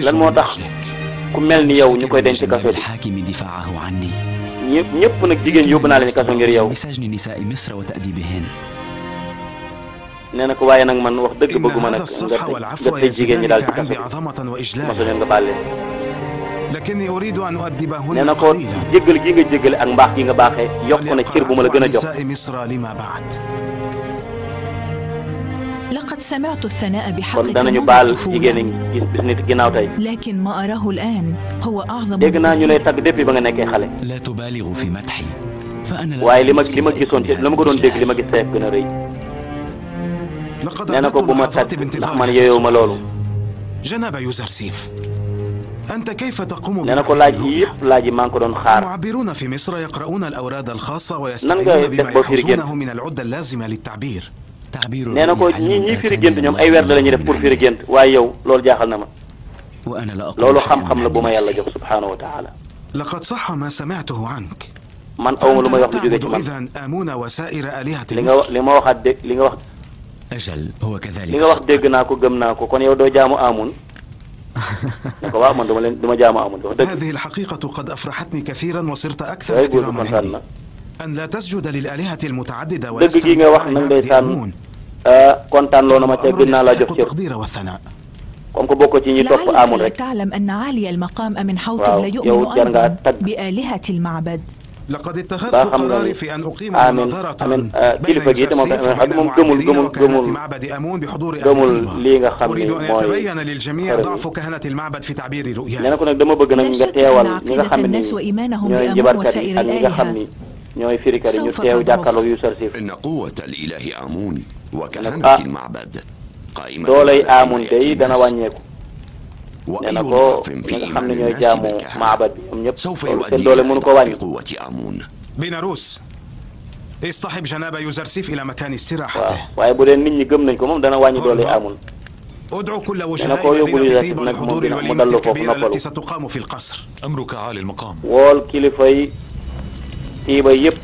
lan moo tax ku mel ni yow ñu koy denc kaso bi ñëpp ñëpp nag jigéen yóbbu naa leen kaso ngir yow. nee na ko waaye nag man wax dëgg bëgguma nag nga tëj jigéen ñi daal ci kaso bi mos a leen nga baal leen nee na ko jéggal gi nga jéggale ak mbaax gi nga baaxee yokk na cër bu ma la gën a jox. kon danañu baal jigéen ñi gis bis nit ginnaaw tey. dégg naa ñu lay tagg depuis ba nga nekkee xale. waaye li ma li ma gisoon li ma ko doon dégg li ma gis seef gën a rëy. nee na ko bu ma tagg ndax man yeyoo ma loolu. أنت كيف تقوم nee na ko laaj yi yëpp laaj yi maa ngi ko doon xaar. المعبرون في مصر يقرؤون الأوراد الخاصة ويستعينون بما يحوزونه من العدة اللازمة للتعبير nee na ko ñi ñi firi gént ñoom ay weer la ñuy def pour firi gént waaye yow loolu jaaxal na ma loolu xam-xam la bu ma yàlla jox subhaanahu wa taala laqad saxa ma samituhu ank man aw ma lu may wax lu jóge ci man li nga li ma waxaat dé li nga wax li nga wax dégg naa ko gëm naa ko kon yow doo jaamu amun ne ko waaw man dama leen dama jaamu amul wax dëgg. هذه الحقيقة قد أفرحتني كثيرا وصرت أكثر احتراما عندي أن لا تسجد للآلهة المتعددة ولا dëgg gi nga wax nag ndeysaan ah, kontaan loo na ma ca gën naa laa jox cër. comme que bokk ci ñi topp amul rek. تعلم أن عالي المقام من حوطب لا يؤمن أيضا بآلهة المعبد ndax xam nga ni amiin amiin kilifa gi itam moo tax xam moom gëmul gëmul gëmul gëmul lii nga xam ni mooy nee na ko nag dama bëgg nag nga teewal ñi nga xam ne ñooy njabarkat yi ak ñi nga xam ni ñooy firikat yi ñu teew jàkkaarloo yu sar siif. nee na ko ah dooley aamun day dana wàññeeku. nee na ko ñi nga xam ne ñooy jaamu maabat bi ñoom ñëpp loolu seen doole mënu ko wàññi. waaw waaye bu dee nit ñi gëm nañ ko moom dana wàññi doole amun. nee na koo yóbbu Yuusuf nag moom dina mu dallu foofu noppalu. wool kilifa yi tiiba yëpp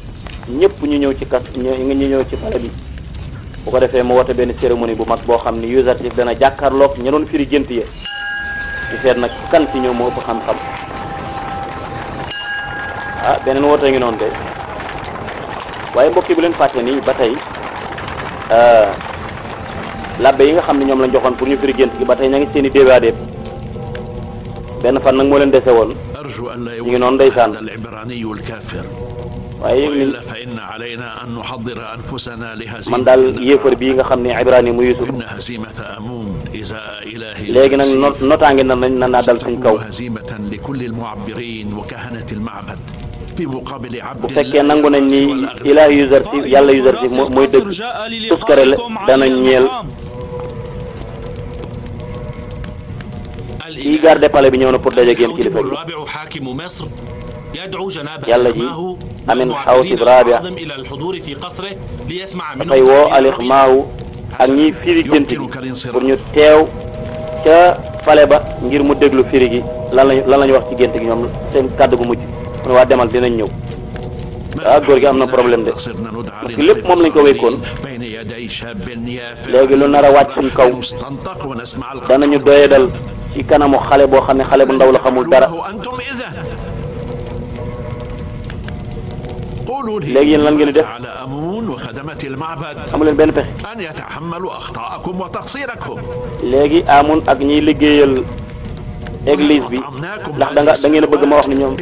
ñëpp ñu ñëw ci kas ñu ñëw ci pale bi. bu ko defee mu woote benn cérémonie bu mag boo xam ni Yuusuf dana jàkkaarloog ña doon firi gént yi di seet nag kan ci ñoom moo ëpp xam-xam ah beneen woote ngi noonu de waaye mbokk yi bu leen fàtte nii ba tey euh, labbe yi nga xam ne ñoom lañ joxoon pour ñu firi gént ba tey ña ngi seen i déwéadeet benn fan nag moo leen dese woon ñu ngi noonu ndeysaan waaye man daal yéefar bii nga xam ne Ibrahima mu Yusuf léegi nag no notaange na nañ na naa dal suñ kaw bu fekkee nangu nañ ni ilaa Yuzarsif yàlla Yuzarsif mooy dëgg tuskare la dana ñeel kii garde palais bi ñëw na pour daje ak yéen kilifa gi yàlla ji. amin aw si rabia dafay woo alix maawu ak ñiy firi gént gi pour ñu teew ca fale ba ngir mu déglu firi gi lan lañ lan la ñu wax ci gént gi ñoom seen kàddu gu mujj waa demal dinañ ñëw a ah, góor gi am na problème de parce que lépp moom lañ ko wékkoon léegi lu nar a wàcc suñ kaw danañu doyadal ci kanamu xale boo xam ne xale bu ndaw la xamul dara léegi yéen lan ngeen di def amu leen benn pexe léegi amoon ak ñiy liggéeyal église bi ndax da nga da ngeen a bëgg ma wax ni ñoom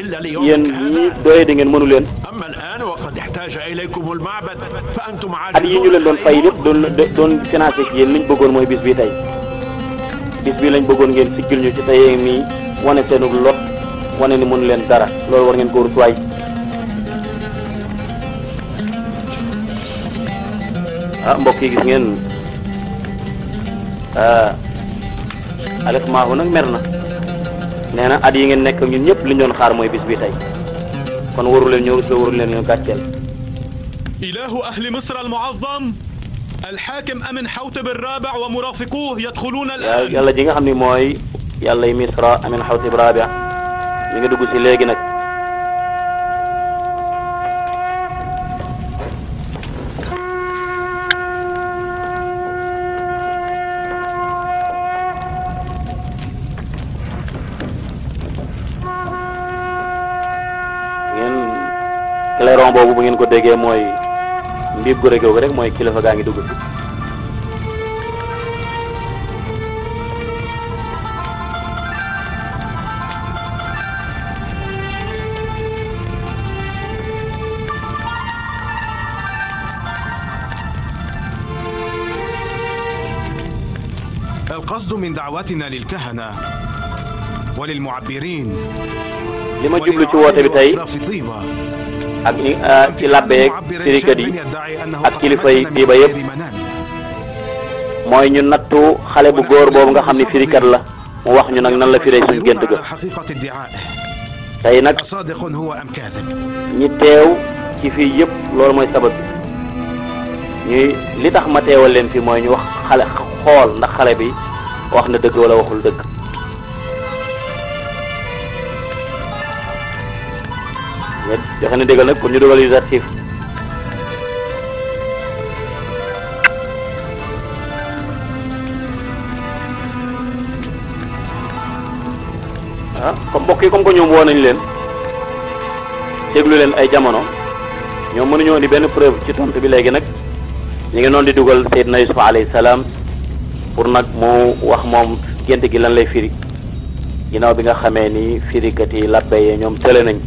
yéen ñi doye da ngeen mënu leen a at yi ñu leen doon fay lépp doon doon financé ci yéen li ñu bëggoon mooy bis bi tey bis bi lañ bëggoon ngeen siggil ñu ci tey mi wane seenu lot wane ni mënu leen dara loolu war ngeen ko rutuwaay a ah, mbokk yi gis ngeen ah, nag mer na nee na at yi ngeen nekk ñun ñëpp li ñu doon xaar mooy bis bi tey kon waru leen ñoo rusloo waru leen ñoo gàcceel إله أهل مصر المعظم الحاكم أمن حوتب الرابع ومرافقوه يدخلون الآن يلا جيغا خامني موي يلا مصر boobu bu ngeen ko déggee mooy mbiib gu régoogu rek mooy kilifa gaa ngi dugg si القصد من دعوتنا للكهنة وللمعبرين وللعلماء وأشراف طيبة ak ah, ci labbeeg sirikat yi ak kilifay diiba yëpp mooy ñu nattu xale bu góor boobu nga xam ni firikat la mu wax ñu nag nan la firee suñ gént ga tey nag ñi teew ci fii yëpp loolu mooy sabab bi ñuy li tax ma teewal leen fi mooy ñu wax xale xool ndax xale bi wax na dëgg wala waxul dëgg nga joxe ne déggal nag pour ñu dogal usatif ah comme mbokk yi comme que ñoom woo nañ leen déglu leen ay jamono ñoom mënuñoo indi benn preuve ci tontu bi léegi nag ñu ngi noonu di dugal Seydina Yusuf alayhi salaam pour nag mu wax moom gént gi lan lay firi ginnaaw bi nga xamee ni firikat yi labbe yee ñoom tële nañ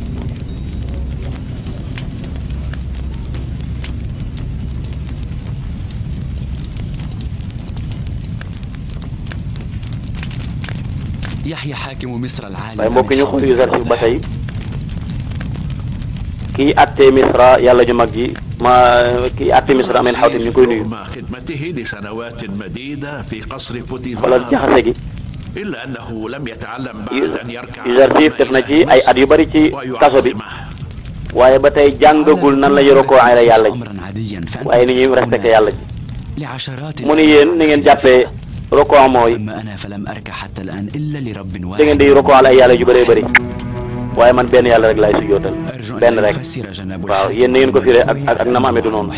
waaye mbokk ñu xuntu yu ba tey kii àttee misra yàlla ju mag ji ma kii àttee misra ameen xawtin ñu koy nuyu xoolal jaxase gi Yuzarsif def na ci ay at yu bari ci kaso bi waaye ba tey jàngagul nan la yoroo koo ay la yàlla ji waaye ni ñuy respecté yàlla ji mu ni yéen ni ngeen jàppee rokoo mooy da ngeen di rokoo ay yàlla yu bëree bëri waaye man benn yàlla rek laay sujootal benn rek waaw yéen na ngeen ko firee ak ak na ma amee du noonu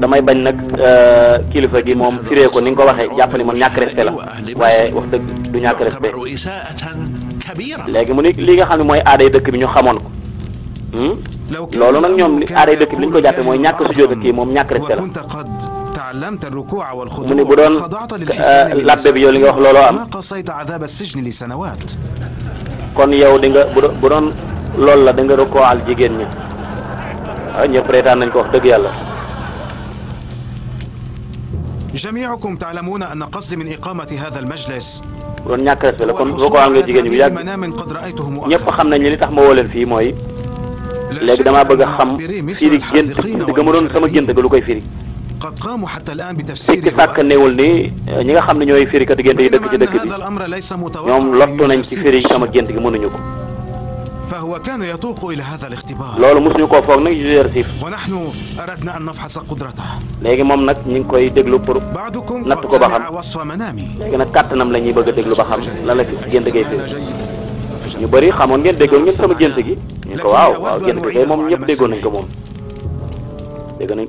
damay bañ nag euh, kilifa gi moom firee ko ni nga ko waxee jàpp ni moom ñàkk respect la waaye du ñàkk respect léegi mu ni li nga xam ne mooy aaday dëkk bi ñu xamoon ko. Hmm? loolu nag ñoom li aaday dëkk bi li ñu ko jàppee mooy ñàkk sujootal kii moom ñàkk respect la. mu ni bu doon labbe bi yow li nga wax looloo am kon yow di nga bu doon loolu la da nga rukkoo al jigéen ñi ah ñëpp reetaan nañ ko wax dëgg yàlla. جميعكم تعلمون أن قصدي من إقامة هذا المجلس doon ñàkk respect la kon rukkoo al nga jigéen ñi bu yàgg ñëpp xam nañ li tax ma woo leen fii mooy léegi damaa bëgg a xam firi gént dama doon sama gént ga lu koy firi. sikki sàkk néewul ni ñi nga xam ne ñooy firikati gént yi dëkk ci dëkk bi ñoom lottu nañ ci firi sama gént gi mënuñu ko. loolu mosuñu koo foog nag yu versif léegi moom nag ñu ngi koy déglu pour natt ko ba xam léegi nag kàttanam la ñuy bëgg a déglu ba xam lan la gént gay firi ñu bari xamoon ngeen déggoon ñëpp sama gént gi ñu ko waaw waaw gént gi kay moom ñëpp déggoon nañ ko moom dégg